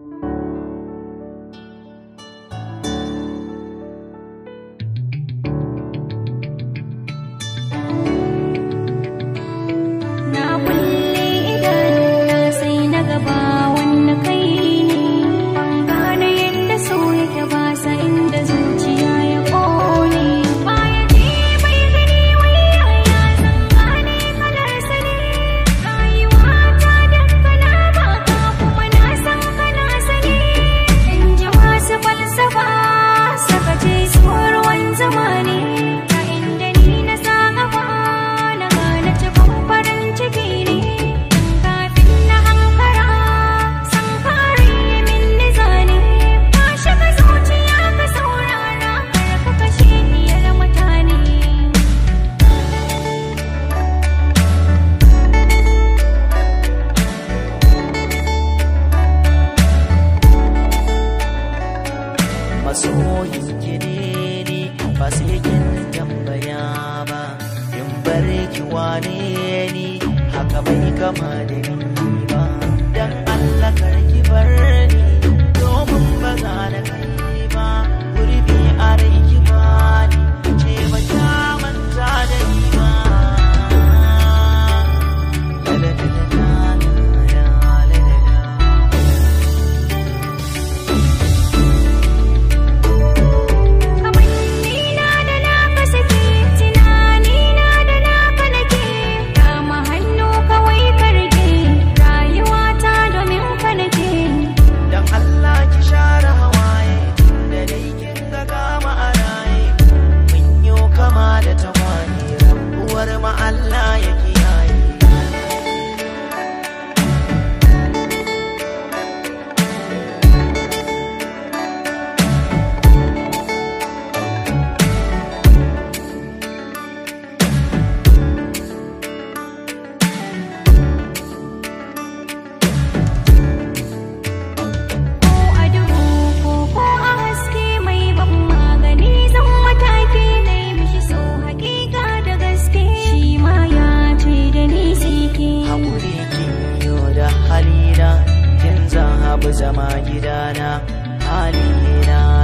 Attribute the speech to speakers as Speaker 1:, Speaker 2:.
Speaker 1: Thank you
Speaker 2: masu gine ne ba sai kin baya ba in bar ki wane ni haka bai kama da ni ba dan Allah karki bar Allah zama gidana halina